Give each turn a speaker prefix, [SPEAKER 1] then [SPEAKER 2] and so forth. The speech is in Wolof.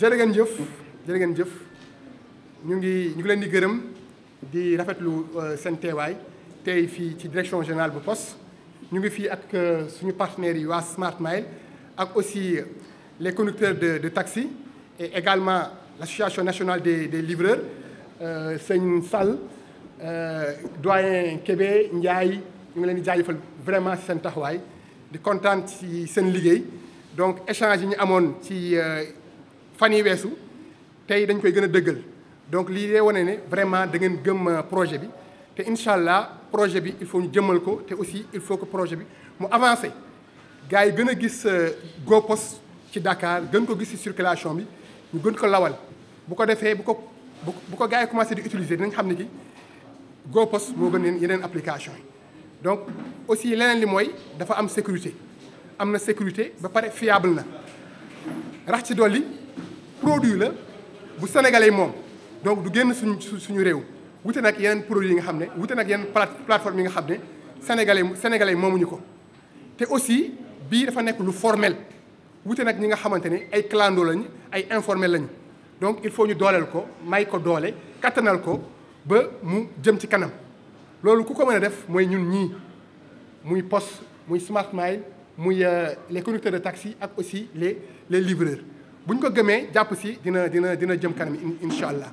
[SPEAKER 1] jërë ngeen jëf jërë ngeen jëf ñu ngi ñu ngi leen di gërëm di rafetlu euh, seen teewaay tey fii ci direction générale bu poste ñu ngi fii ak euh, suñu partenaires yi waa Smart Mile ak aussi les conducteurs de de taxi et également l'association nationale des des livreurs euh, sëñ Sall doyen Kébé Ndiaye. ñu ngi leen di jaajëfal vraiment si seen taxawaay di kontaan ci seen liggéey donc échange yi ñu amoon ci euh, fan yi weesu tey dañ koy gën a dëggal donc lii lay wane ne vraiment da ngeen gëm euh, projet bi te incha allah projet bi il faut ñu jëmmal ko te aussi il faut que projet bi mu avancé gars yi gën a gis euh, GOPOS ci Dakar gën ko gis ci circulation bi ñu gën ko lawal bu ko defee bu ko bu ko gars yi commencé di utiliser dinañ xam ne ki GOPOS moo gën yeneen application yi donc aussi leneen li mooy dafa am sécurité am na sécurité ba pare fiable na rax ci dolli produit la bu sénégalais moom donc du génn suñu suñu réew wute nag yeneen produit yi nga xam ne wute nag yeneen plateforme yi nga xam ne sénégalais sénégalais moomuñu ko te aussi bii dafa nekk lu formel wute nag ñi nga xamante ne ay clando lañ ay informel lañ donc il faut ñu dooleel ko may ko doole kattanal ko ba mu jëm ci kanam loolu ku ko mën a def mooy ñun ñii muy poste muy Smart Mile muy euh, les conducteurs de taxi ak aussi les les livreurs bu ñu ko gëmee jàpp si dina dina dina jëm kanam incha allah.